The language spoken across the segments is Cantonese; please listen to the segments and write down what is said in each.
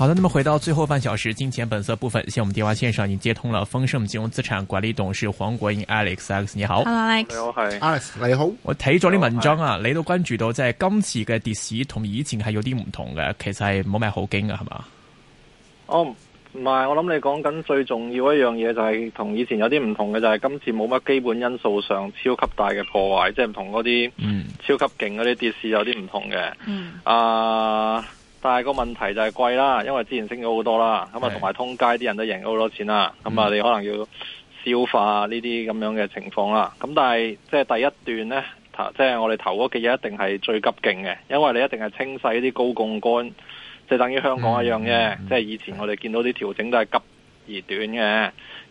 好的，那麼回到最後半小時金錢本色部分，先我們電話線上已經接通了豐盛金融資產管理董事黃國英 Alex，Alex 你好。Hello Alex，你好，Alex 你好。我睇咗啲文章啊，Hello, 你都關注到即係今次嘅跌市同以前係有啲唔同嘅，其實係冇咩好驚嘅係嘛？哦，唔係，oh，我諗你講緊最重要的一樣嘢就係同以前有啲唔同嘅就係今次冇乜基本因素上超級大嘅破壞，即係唔同嗰啲嗯超級勁嗰啲跌市有啲唔同嘅啊。嗯 uh, 但係個問題就係貴啦，因為之前升咗好多啦，咁啊同埋通街啲人都贏咗好多錢啦，咁啊、嗯、你可能要消化呢啲咁樣嘅情況啦。咁但係即係第一段呢，即係我哋頭嗰幾日一定係最急勁嘅，因為你一定係清洗啲高槓桿，即係等於香港一樣嘅，嗯、即係以前我哋見到啲調整都係急而短嘅。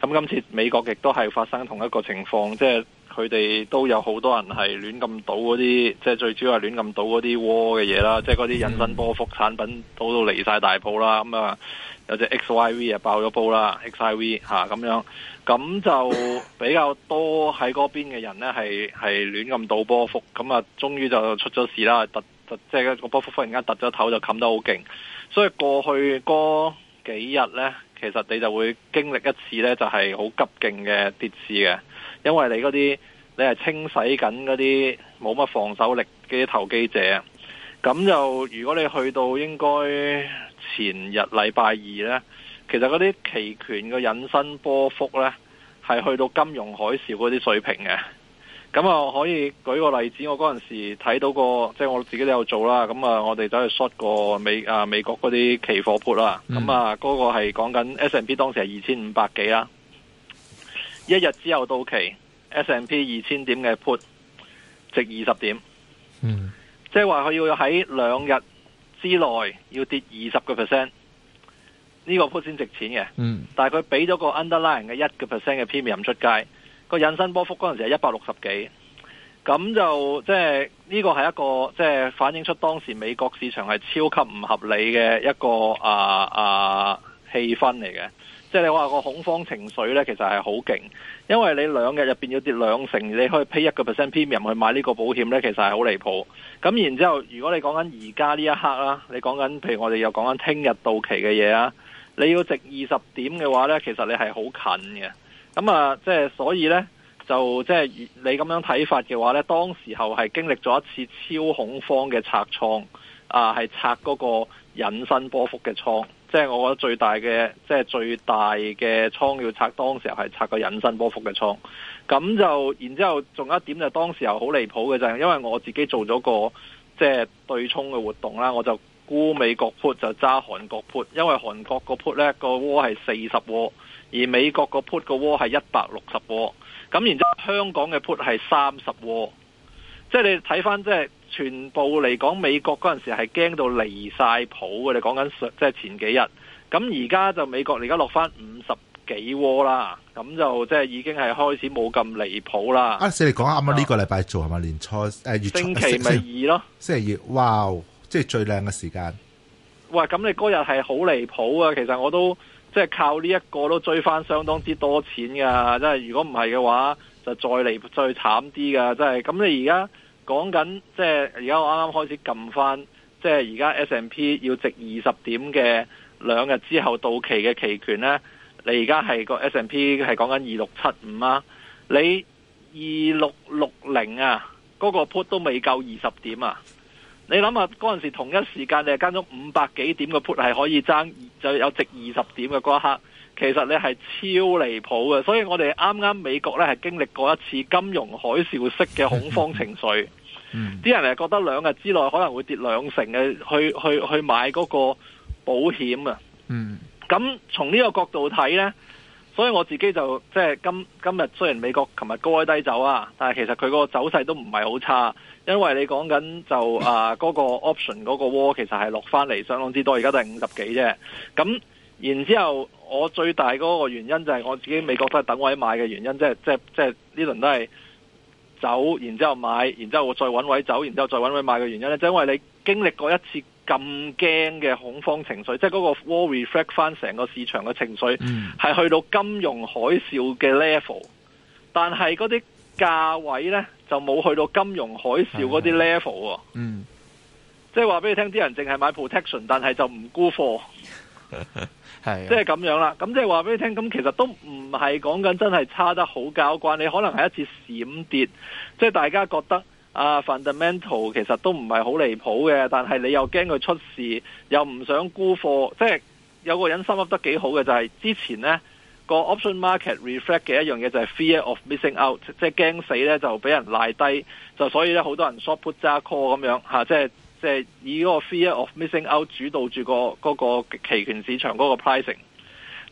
咁今次美國亦都係發生同一個情況，即係。佢哋都有好多人係亂咁倒嗰啲，即係最主要係亂咁倒嗰啲窩嘅嘢啦，即係嗰啲引伸波幅產品倒到離曬大鋪啦，咁啊、嗯，有隻 XIV 啊爆咗煲啦，XIV 吓，咁樣，咁就比較多喺嗰邊嘅人呢，係係亂咁倒波幅，咁啊，終於就出咗事啦，突突即係個波幅忽然間突咗頭就冚得好勁，所以過去嗰幾日呢，其實你就會經歷一次呢，就係好急勁嘅跌市嘅。因為你嗰啲你係清洗緊嗰啲冇乜防守力嘅投機者啊，咁就如果你去到應該前日禮拜二呢，其實嗰啲期權嘅引伸波幅呢，係去到金融海嘯嗰啲水平嘅。咁啊，可以舉個例子，我嗰陣時睇到個即係我自己都有做啦。咁啊，我哋都係 short 個美啊美國嗰啲期貨盤啦。咁、嗯、啊，嗰、那個係講緊 S&P 當時係二千五百幾啦。一日之後到期 S&P 二千點嘅 put 值二十點，嗯，即係話佢要喺兩日之內要跌二十個 percent，呢個 put 先值錢嘅，嗯，但係佢俾咗個 underlying 嘅一個 percent 嘅 premium 出街，個引伸波幅嗰陣時係一百六十幾，咁就即係呢個係一個即係、即係、反映出當時美國市場係超級唔合理嘅一個啊啊氣氛嚟嘅。即係你話個恐慌情緒呢，其實係好勁，因為你兩日入邊要跌兩成，你可以 pay 一個 percent premium 入去買呢個保險呢，其實係好離譜。咁然之後，如果你講緊而家呢一刻啦，你講緊譬如我哋又講緊聽日到期嘅嘢啊，你要值二十點嘅話呢，其實你係好近嘅。咁啊，即係所以呢，就即係你咁樣睇法嘅話呢，當時候係經歷咗一次超恐慌嘅拆倉啊，係拆嗰個引申波幅嘅倉。即係我覺得最大嘅，即係最大嘅倉要拆，當時候係拆個引申波幅嘅倉。咁就然之後，仲有一點就當時候好離譜嘅就係，因為我自己做咗個即係對沖嘅活動啦，我就沽美國 put 就揸韓國 put，因為韓國個 put 咧個窩係四十窩，而美國個 put 個窩係一百六十窩，咁然之後香港嘅 put 係三十窩，即係你睇翻即係。就是全部嚟講，美國嗰陣時係驚到離晒譜嘅。你講緊即係前幾日，咁而家就美國而家落翻五十幾窩啦，咁就即係、就是、已經係開始冇咁離譜啦。啊，先你講啱啱呢個禮拜做係嘛？年初誒，月星期咪二咯？星期二，哇！即、就、係、是、最靚嘅時間。哇！咁你嗰日係好離譜啊！其實我都即係、就是、靠呢一個都追翻相當之多錢㗎，即係如果唔係嘅話，就再離最慘啲噶，即係咁你而家。講緊即係而家我啱啱開始撳翻，即係而家 S&P 要值二十點嘅兩日之後到期嘅期權呢，你而家係個 S&P 係講緊二六七五啊，你二六六零啊，嗰個 put 都未夠二十點啊！你諗下嗰陣時同一時間你係跟咗五百幾點嘅 put 係可以賺就有值二十點嘅嗰一刻，其實你係超離譜嘅。所以我哋啱啱美國呢係經歷過一次金融海嘯式嘅恐慌情緒。 啲、嗯、人係覺得兩日之內可能會跌兩成嘅，去去去買嗰個保險啊。嗯，咁從呢個角度睇呢，所以我自己就即係、就是、今今日雖然美國琴日高開低走啊，但係其實佢個走勢都唔係好差，因為你講緊就啊嗰、那個 option 嗰個窩其實係落翻嚟相當之多，而家都係五十幾啫。咁然之後我最大嗰個原因就係我自己美國都係等位買嘅原因，即係即係即係呢輪都係。走，然之後買，然之後再揾位走，然之後再揾位買。嘅原因呢就係、是、因為你經歷過一次咁驚嘅恐慌情緒，即係嗰個 war reflect 翻成個市場嘅情緒，係、嗯、去到金融海嘯嘅 level，但係嗰啲價位呢就冇去到金融海嘯啲 level。嗯、即係話俾你聽，啲人淨係買 protection，但係就唔沽貨。 即係咁樣啦。咁即係話俾你聽，咁其實都唔係講緊真係差得好交關，你可能係一次閃跌，即係大家覺得啊，fundamental 其實都唔係好離譜嘅，但係你又驚佢出事，又唔想沽貨，即係有個人心諗得幾好嘅，就係之前呢個 option market reflect 嘅一樣嘢就係 fear of missing out，即係驚死呢就俾人賴低，就所以呢，好多人 short put 揸 call 咁樣吓，即係。即係以嗰個 fear of missing out 主導住個嗰期權市場嗰個 pricing，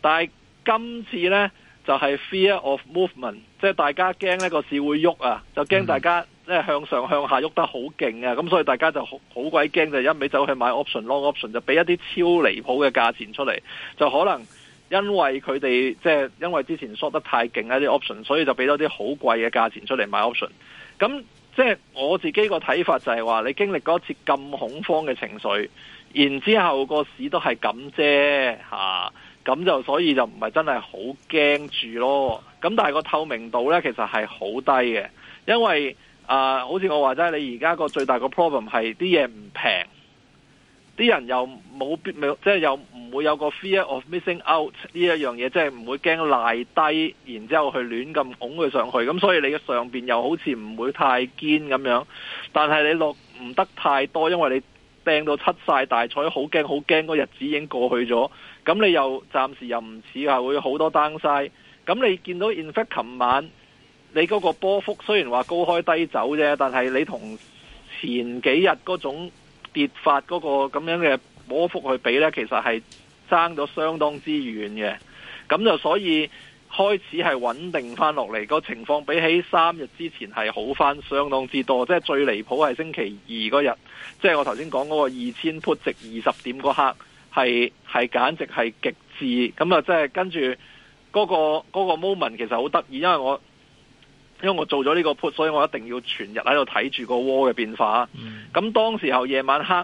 但係今次呢就係 fear of movement，即係大家驚呢個市會喐啊，就驚大家向上向下喐得好勁啊，咁所以大家就好好鬼驚，就是一味走去買 option long option，就俾一啲超離譜嘅價錢出嚟，就可能因為佢哋即係因為之前 short 得太勁啊啲 option，所以就俾咗啲好貴嘅價錢出嚟買 option，咁。即係我自己個睇法就係話，你經歷過一次咁恐慌嘅情緒，然之後個市都係咁啫吓，咁、啊、就所以就唔係真係好驚住咯。咁但係個透明度呢，其實係好低嘅，因為、呃、好似我話齋，你而家個最大個 problem 係啲嘢唔平。啲人又冇必，即係又唔會有個 fear of missing out 呢一樣嘢，即係唔會驚賴低，然之後去亂咁拱佢上去，咁所以你嘅上邊又好似唔會太堅咁樣，但係你落唔得太多，因為你掟到七曬大彩，好驚好驚，個日子已經過去咗，咁你又暫時又唔似話會好多 downside，咁你見到 in fact 琴晚你嗰個波幅雖然話高開低走啫，但係你同前幾日嗰種。跌發嗰個咁樣嘅波幅去比呢，其實係爭咗相當之遠嘅。咁就所以開始係穩定翻落嚟個情況，比起三日之前係好翻相當之多。即係最離譜係星期二嗰日，即係我頭先講嗰個二千 put 值二十點嗰刻，係係簡直係極致。咁啊、嗰個，即係跟住嗰個嗰個 moment 其實好得意，因為我。因為我做咗呢個 put，所以我一定要全日喺度睇住個窩嘅變化。咁、嗯、當時候夜晚黑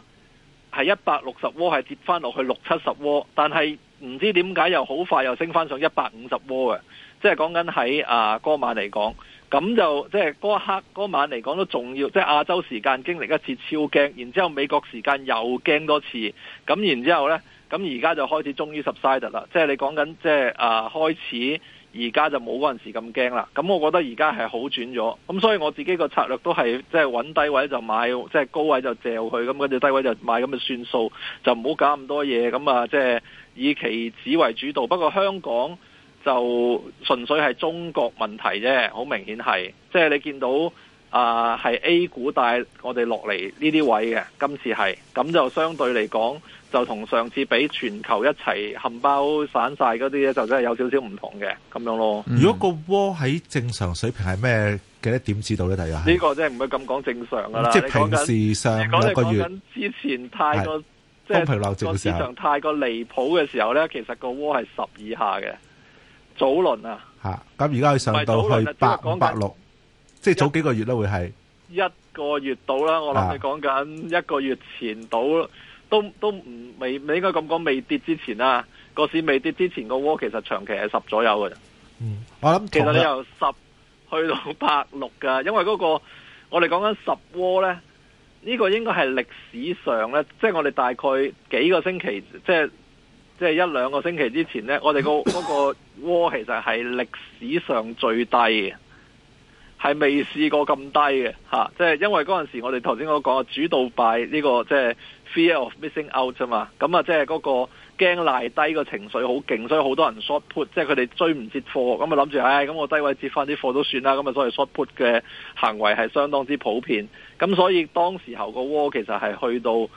係一百六十窩，係跌翻落去六七十窩，但係唔知點解又好快又升翻上150，就是呃就是，一百五十窩嘅。即係講緊喺啊嗰晚嚟講，咁就即係嗰刻嗰晚嚟講都重要。即係亞洲時間經歷一次超驚，然之後美國時間又驚多次。咁然之後咧，咁而家就開始終於 subsided 啦。即係你講緊即係啊開始。而家就冇嗰陣時咁驚啦，咁我覺得而家係好轉咗，咁所以我自己個策略都係即係搵低位就買，即係高位就借佢，咁跟住低位就買咁就算數，就唔好搞咁多嘢，咁啊即係以期指為主導。不過香港就純粹係中國問題啫，好明顯係，即係你見到。啊，係 A 股帶我哋落嚟呢啲位嘅，今次係咁，就相對嚟講，就同上次俾全球一齊冚包散晒嗰啲嘢，就真係有少少唔同嘅，咁樣咯。嗯、如果個窩喺正常水平係咩嘅一點知道呢？睇下呢個即係唔好咁講正常㗎啦。即係平時上一個月講緊之前太過即係個市場太過離譜嘅時候咧，的其實個窩係十以下嘅。早輪啊，吓咁而家去上到去八八六。8, 5, 8, 即係早幾個月啦，會係一個月到啦。我諗你講緊一個月前到，啊，都都唔未應該咁講，未跌之前啦，啊，個市未跌之前個窩其實長期係十左右嘅咋。嗯，我諗其實你由十去到百六噶，因為嗰個我哋講緊十窩呢，呢個應該係歷史上呢。即係我哋大概幾個星期，即係即係一兩個星期之前呢，我哋個個窩其實係歷史上最低嘅。係未試過咁低嘅吓即係因為嗰陣時我哋頭先嗰個講嘅主導擺呢、這個即係、就是、fear of missing out 啊嘛，咁啊即係嗰個驚賴低個情緒好勁，所以好多人 short put，即係佢哋追唔接貨，咁啊諗住唉，咁、哎、我低位接翻啲貨都算啦，咁啊所謂 short put 嘅行為係相當之普遍，咁所以當時候個窩其實係去到。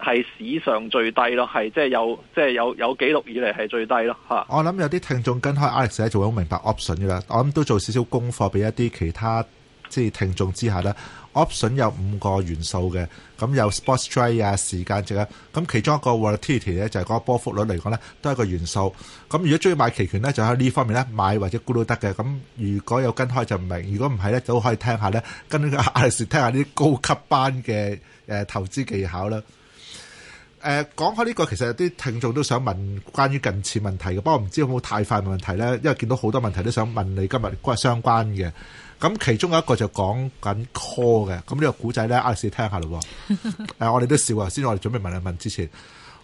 係史上最低咯，係即係有即係有有紀錄以嚟係最低咯嚇。我諗有啲聽眾跟開 Alex 咧就會好明白 option 嘅啦。我諗都做少少功課俾一啲其他即係聽眾之下咧。option 有五個元素嘅，咁有 spot strike 啊、時間值啊，咁其中一個 volatility 咧就係個波幅率嚟講咧都係一個元素。咁如果中意買期權咧，就喺呢方面咧買或者沽都得嘅。咁如果有跟開就唔明，如果唔係咧，就可以聽下咧，跟啲 Alex 聽下啲高級班嘅、啊、投資技巧啦。誒，講開呢個，其實有啲聽眾都想問關於近次問題嘅。不過唔知有冇太快問題咧？因為見到好多問題都想問你，今日關相關嘅。咁其中有一個就講緊 call 嘅。咁呢個古仔咧，Alex 聽下咯。誒、 呃，我哋都笑啊。先我哋準備問一問之前，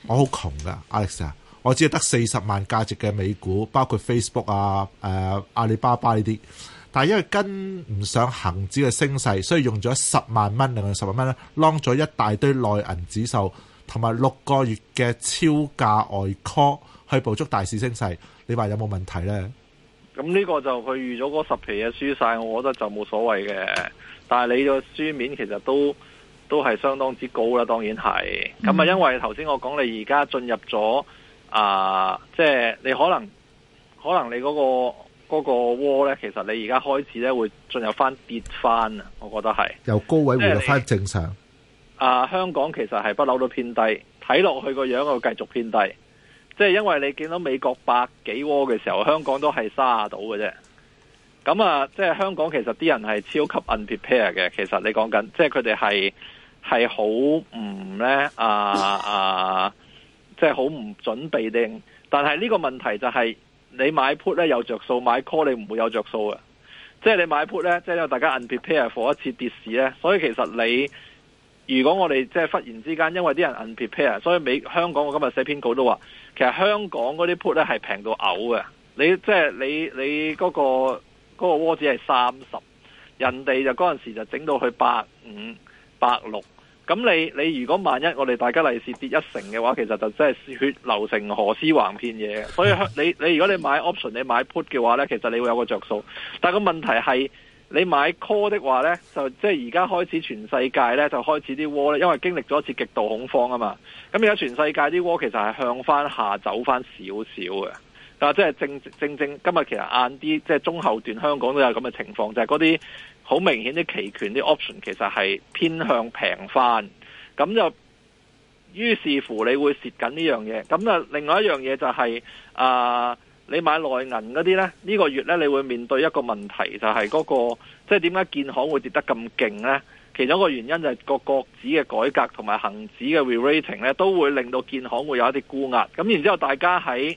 我好窮噶，Alex 啊，Alex, 我只係得四十萬價值嘅美股，包括 Facebook 啊、誒、呃、阿里巴巴呢啲。但係因為跟唔上恒指嘅升勢，所以用咗十萬蚊，另外十萬蚊咧 long 咗一大堆內銀指數。同埋六個月嘅超價外 call 去捕捉大市升勢，你話有冇問題呢？咁呢個就佢預咗嗰十期嘅輸晒，我覺得就冇所謂嘅。但係你個輸面其實都都係相當之高啦，當然係。咁啊，因為頭先我講你而家進入咗啊，即係你可能可能你嗰個嗰個窩呢，其實你而家開始呢會進入翻跌翻啊，我覺得係由高位回落翻正常。啊！香港其實係不嬲都偏低，睇落去個樣又繼續偏低，即係因為你見到美國百幾窩嘅時候，香港都係沙到嘅啫。咁啊，即係香港其實啲人係超級 unprepared 嘅。其實你講緊，即係佢哋係係好唔咧啊啊！即係好唔準備定。但係呢個問題就係、是，你買 put 咧有着數，買 call 你唔會有着數嘅。即係你買 put 咧，即係大家 unprepared for 一次跌市咧。所以其實你。如果我哋即係忽然之間，因為啲人 unprepare 所以美香港我今日寫篇稿都話，其實香港嗰啲 put 咧係平到嘔嘅。你即係你你嗰個嗰個波子係三十，人哋就嗰陣時候就整到去百五、百六。咁你你如果萬一我哋大家利是跌一成嘅話，其實就真係血流成河屍橫遍野。所以你你如果你買 option，你買 put 嘅話呢，其實你會有一個着數。但個問題係。你買 call 的話呢，就即係而家開始全世界呢就開始啲窩呢，因為經歷咗一次極度恐慌啊嘛。咁而家全世界啲窩其實係向翻下走翻少少嘅，但係即係正正正，正，今日其實晏啲，即係中後段，香港都有咁嘅情況，就係嗰啲好明顯啲期權啲 option 其實係偏向平翻，咁就於是乎你會蝕緊呢樣嘢。咁啊，另外一樣嘢就係、是、啊。呃你買內銀嗰啲呢，呢、呢個月呢，你會面對一個問題，就係嗰個，即係點解建行會跌得咁勁呢？其中一個原因就係個國指嘅改革同埋恆指嘅 re-rating 呢，都會令到建行會有一啲沽壓。咁然之後，大家喺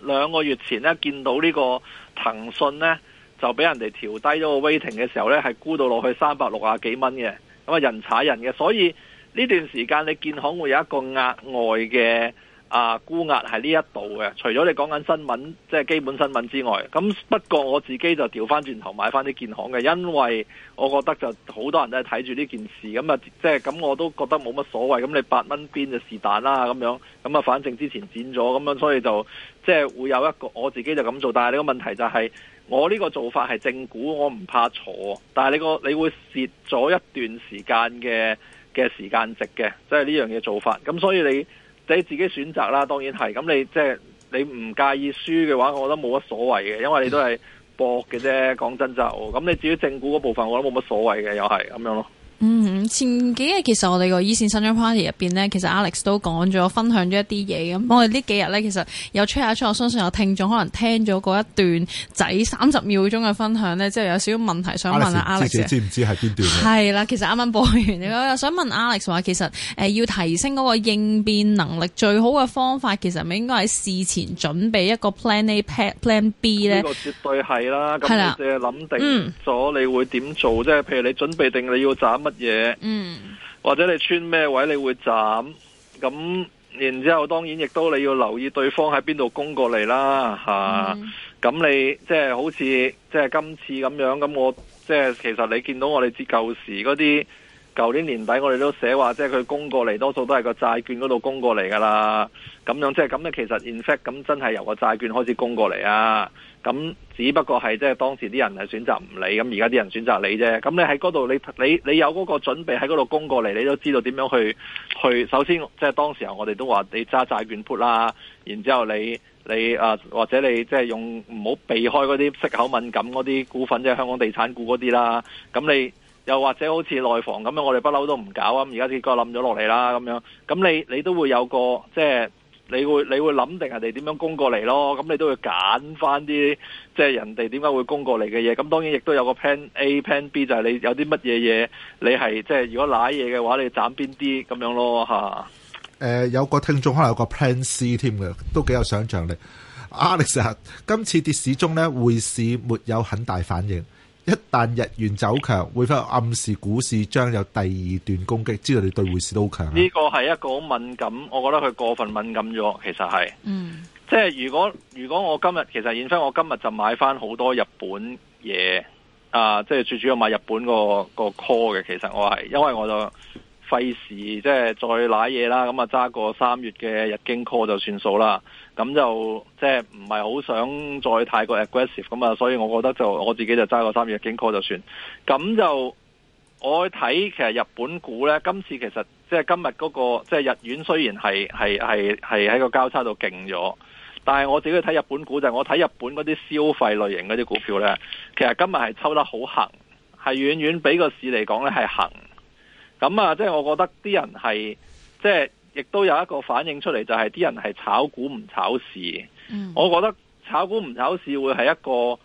兩個月前呢，見到呢個騰訊呢，就俾人哋調低咗個 rating 嘅時候呢，係沽到落去三百六啊幾蚊嘅，咁啊人踩人嘅，所以呢段時間你建行會有一個額外嘅。啊，估壓係呢一度嘅，除咗你講緊新聞，即係基本新聞之外，咁不過我自己就調翻轉頭買翻啲建行嘅，因為我覺得就好多人都係睇住呢件事，咁啊即係咁我都覺得冇乜所謂，咁你八蚊邊就是但啦咁樣，咁啊反正之前剪咗咁樣，所以就即係會有一個我自己就咁做，但係你個問題就係我呢個做法係正股，我唔怕坐。但係你個你會蝕咗一段時間嘅嘅時間值嘅，即係呢樣嘢做法，咁所以你。你自己選擇啦，當然係咁，就是。你即係你唔介意輸嘅話，我覺得冇乜所謂嘅，因為你都係博嘅啫。講真就，咁你至於正股嗰部分，我覺得冇乜所謂嘅，又係咁樣咯。嗯，前幾日其實我哋個依線新張 party 入邊咧，其實 Alex 都講咗，分享咗一啲嘢咁。我哋呢幾日咧，其實有 check 下 check，我相信有聽眾可能聽咗嗰一段仔三十秒鐘嘅分享咧，即係有少少問題想問下 Alex，Alex 知唔知係邊段？係啦，其實啱啱播完，我想問 Alex 話，其實誒、呃、要提升嗰個應變能力最好嘅方法，其實咪應該喺事前準備一個 Plan A、Plan B 咧？呢個絕對係啦，咁即係諗定咗你會點做，即係、嗯、譬如你準備定你要斬乜嘢？嗯，或者你穿咩位，你會斬咁，然之後當然亦都你要留意對方喺邊度攻過嚟啦吓。咁、啊嗯、你即係、就是、好似即係今次咁樣咁，我即係其實你見到我哋接舊時嗰啲。舊年年底我哋都寫話，即係佢供過嚟，多數都係個債券嗰度供過嚟噶啦，咁樣即係咁咧。其實 in fact 咁真係由個債券開始供過嚟啊。咁只不過係即係當時啲人係選擇唔理，咁而家啲人選擇理啫。咁你喺嗰度，你你你有嗰個準備喺嗰度供過嚟，你都知道點樣去去。首先，即係當時候我哋都話你揸債券 put 啦，然之後你你啊或者你即係用唔好避開嗰啲息口敏感嗰啲股份，即係香港地產股嗰啲啦。咁你。又或者好似內房咁樣，我哋不嬲都唔搞啊！咁而家結果冧咗落嚟啦，咁樣咁你你都會有個即係、就是、你會你會諗定人哋點樣攻過嚟咯？咁你都會揀翻啲即係人哋點解會攻過嚟嘅嘢。咁當然亦都有個 plan A、plan B，就係你有啲乜嘢嘢，你係即係如果賴嘢嘅話，你斬邊啲咁樣咯、呃、有個聽眾可能有個 plan C 添嘅，都幾有想像力。Alex 今次跌市中咧，匯市沒有很大反應。一旦日元走強，會否暗示股市將有第二段攻擊，知道你對匯市都好強啊。呢個係一個好敏感，我覺得佢過分敏感咗，其實係。嗯，即係如果如果我今日其實引出我今日就買返好多日本嘢啊，即係最主要買日本個個 call 嘅，其實我係因為我就費事即係再瀨嘢啦，咁啊揸個三月嘅日經 call 就算數啦。咁就即係唔係好想再太過 aggressive 咁啊，所以我覺得就我自己就揸個三月經 call 就算。咁就我睇其實日本股呢，今次其實即係今日嗰個即係日元雖然係係係係喺個交叉度勁咗，但係我自己睇日本股就係，我睇日本嗰啲消費類型嗰啲股票呢，其實今日係抽得好行，係遠遠比個市嚟講呢係行。咁啊，即係我覺得啲人係即係。亦都有一個反映出嚟，就係啲人係炒股唔炒市。我覺得炒股唔炒市會係一個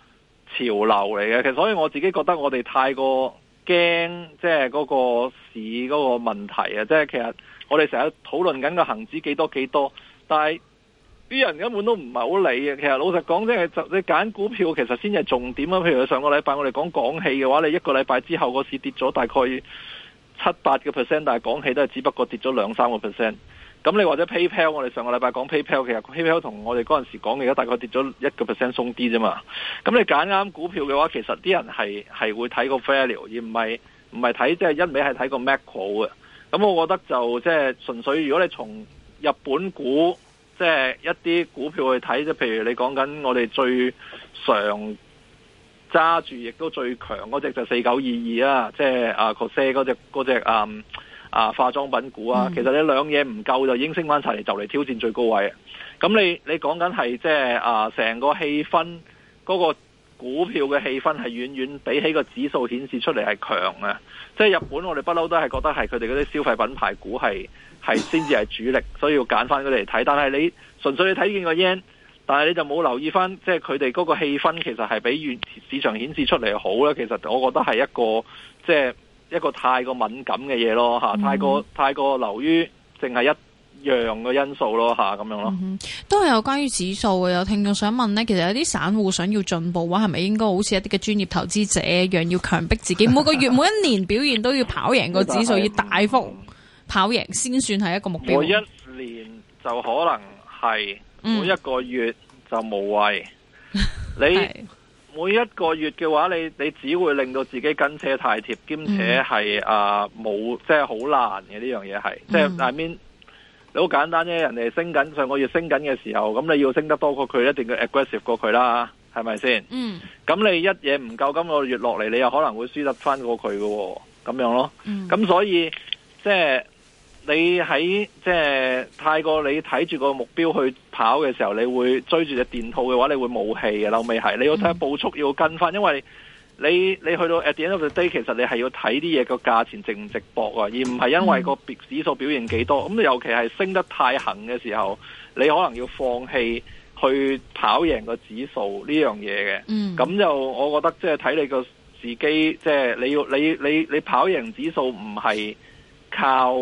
潮流嚟嘅。其實，所以我自己覺得我哋太過驚，即係嗰個市嗰個問題啊！即係其實我哋成日討論緊個恆指幾多幾多，但係啲人根本都唔係好理啊。其實老實講，即係就你揀股票，其實先係重點啊，譬如上個禮拜我哋講廣汽嘅話，你一個禮拜之後個市跌咗大概。七八個 percent，但係講起都係只不過跌咗兩三個 percent。咁你或者 PayPal，我哋上個禮拜講 PayPal，其實 PayPal 同我哋嗰陣時講嘅而家大概跌咗一個 percent 鬆啲啫嘛。咁你揀啱股票嘅話，其實啲人係係會睇個 value，而唔係唔係睇即係一味係睇個 macro 嘅。咁我覺得就即係、就是、純粹，如果你從日本股即係、就是、一啲股票去睇，即譬如你講緊我哋最常。揸住亦都最強嗰隻就四九二二啊，即係啊，cos 嗰隻嗰隻啊啊化妝品股啊，mm hmm. 其實你兩嘢唔夠就已經升翻齊，就嚟挑戰最高位。咁你你講緊係即係啊，成個氣氛嗰個股票嘅氣氛係遠遠比起個指數顯示出嚟係強啊！即係日本，我哋不嬲都係覺得係佢哋嗰啲消費品牌股係係先至係主力，所以要揀翻佢嚟睇。但係你純粹你睇見個 yen。但係你就冇留意翻，即係佢哋嗰個氣氛，其實係比市市場顯示出嚟好啦，其實我覺得係一個，即係一個太過敏感嘅嘢咯。吓、嗯、哼太過太過流於淨係一樣嘅因素咯，吓咁樣咯、嗯。都係有關於指數嘅，有聽眾想問呢，其實有啲散戶想要進步話，話，係咪應該好似一啲嘅專業投資者一樣，要強迫自己 每個月、每一年表現都要跑贏個指數，要、嗯、大幅跑贏先算係一個目標。每一年就可能係。嗯、每一個月就無謂， 是你每一個月嘅話，你你只會令到自己跟車太貼，兼且係、嗯、啊冇即係好難嘅呢樣嘢係，即係 I mean，你好簡單啫，人哋升緊上個月升緊嘅時候，咁你要升得多過佢，一定要 aggressive 過佢啦，係咪先？嗯，咁你一嘢唔夠今個月落嚟，你又可能會輸得翻過佢嘅、哦，咁樣咯。嗯，咁所以即係。你喺即係太過，就是，你睇住個目標去跑嘅時候，你會追住隻電套嘅話，你會冇氣嘅。後尾係你要睇下步速要跟翻，嗯、因為你你去到 at the end of the day，其實你係要睇啲嘢個價錢值唔值搏啊，而唔係因為個別指數表現幾多。咁尤其係升得太行嘅時候，你可能要放棄去跑贏個指數呢樣嘢嘅。咁、嗯、就我覺得即係睇你個時機，即、就、係、是、你要你你你跑贏指數唔係靠。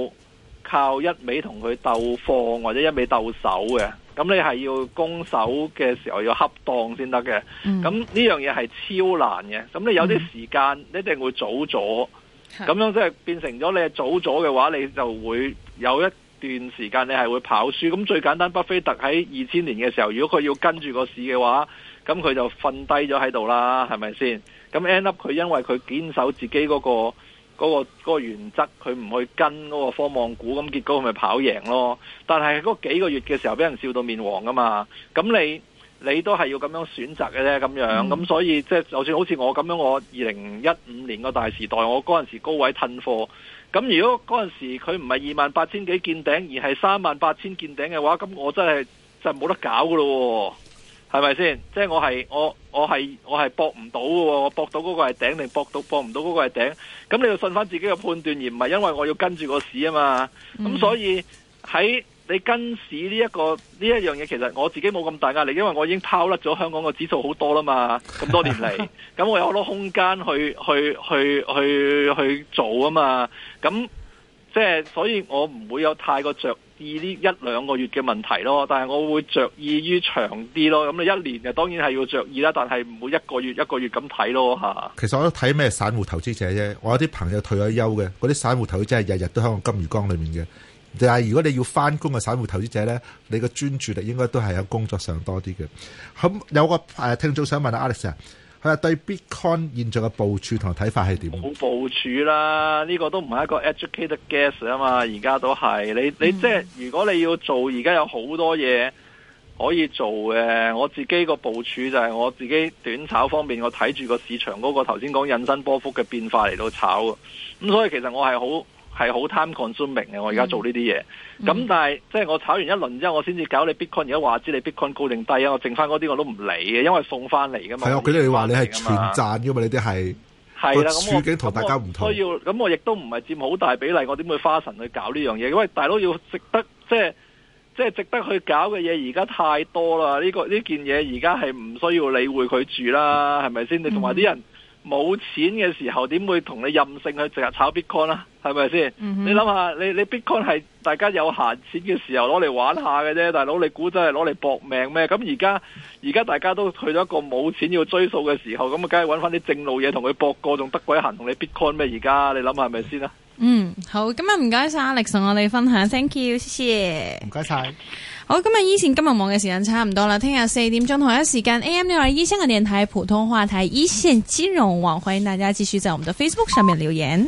靠一味同佢鬥貨或者一味鬥手嘅，咁你係要攻守嘅時候要恰當先得嘅。咁呢、嗯、樣嘢係超難嘅。咁你有啲時間你一定會早咗，咁、嗯、樣即係變成咗你係早咗嘅話，你就會有一段時間你係會跑輸。咁最簡單，巴菲特喺二千年嘅時候，如果佢要跟住個市嘅話，咁佢就瞓低咗喺度啦，係咪先？咁 end up 佢因為佢堅守自己嗰、那個。嗰、那個嗰、那個、原則，佢唔去跟嗰個科網股咁，結果佢咪跑贏咯。但係嗰幾個月嘅時候，俾人笑到面黃噶嘛。咁你你都係要咁樣選擇嘅啫。咁樣咁、嗯、所以即係就算好似我咁樣，我二零一五年個大時代，我嗰陣時高位褪貨。咁如果嗰陣時佢唔係二萬八千幾見頂，而係三萬八千見頂嘅話，咁我真係就冇、是、得搞噶咯。係咪先？即係我係我我係我係搏唔到嘅，我搏到嗰個係頂，定搏到搏唔到嗰個係頂？咁你要信返自己嘅判斷，而唔係因為我要跟住個市啊嘛。咁、嗯、所以喺你跟市呢、這、一個呢一樣嘢，其實我自己冇咁大壓力，因為我已經拋甩咗香港個指數好多啦嘛，咁多年嚟，咁 我有好多空間去去去去去做啊嘛。咁即係所以我唔會有太過着意呢一兩個月嘅問題咯，但係我會着意於長啲咯。咁你一年嘅當然係要着意啦，但係唔會一個月一個月咁睇咯嚇。其實我都睇咩散戶投資者啫，我有啲朋友退咗休嘅，嗰啲散戶投資者係日日都喺我金魚缸裡面嘅。但係如果你要翻工嘅散戶投資者咧，你嘅專注力應該都係喺工作上多啲嘅。咁有個誒聽眾想問阿 Alex 啊。佢話對 Bitcoin 現在嘅部署同睇法係點？冇部署啦，呢個都唔係一個 educated guess 啊嘛！而家都係你你即係如果你要做，而家有好多嘢可以做嘅。我自己個部署就係我自己短炒方面，我睇住個市場嗰個頭先講引伸波幅嘅變化嚟到炒。咁所以其實我係好。係好 time-consuming 嘅，我而家做呢啲嘢。咁、嗯、但係，嗯、即係我炒完一輪之後，我先至搞你 Bitcoin。而家話知你 Bitcoin 高定低啊？我剩翻嗰啲我都唔理嘅，因為送翻嚟噶嘛。係啊，我佢哋你話你係全賺噶嘛？呢啲係係啦，咁我處境同大家唔同。所以要咁我亦都唔係佔好大比例，我點會花神去搞呢樣嘢？因為大佬要值得，即係即係值得去搞嘅嘢，而家太多啦。呢、呢個呢件嘢而家係唔需要理會佢住啦，係咪先？嗯、你同埋啲人。嗯冇錢嘅時候，點會同你任性去成日炒 bitcoin 啦？係咪先？你諗下，你你 bitcoin 係大家有閒錢嘅時候攞嚟玩下嘅啫，大佬你估真係攞嚟搏命咩？咁而家而家大家都去咗一個冇錢要追數嘅時候，咁啊，梗係搵翻啲正路嘢同佢搏過，仲得鬼閒同你 bitcoin 咩？而家你諗下係咪先啦？嗯、mm，hmm. 好，今日唔該晒 Alex 同我哋分享，thank you，謝謝，唔該晒。好，今日一線金融網嘅時間差唔多啦，聽日四點鐘同一時間 AM 六二一香港電台普通話台一線金融網，歡迎大家繼續在我們的 Facebook 上面留言。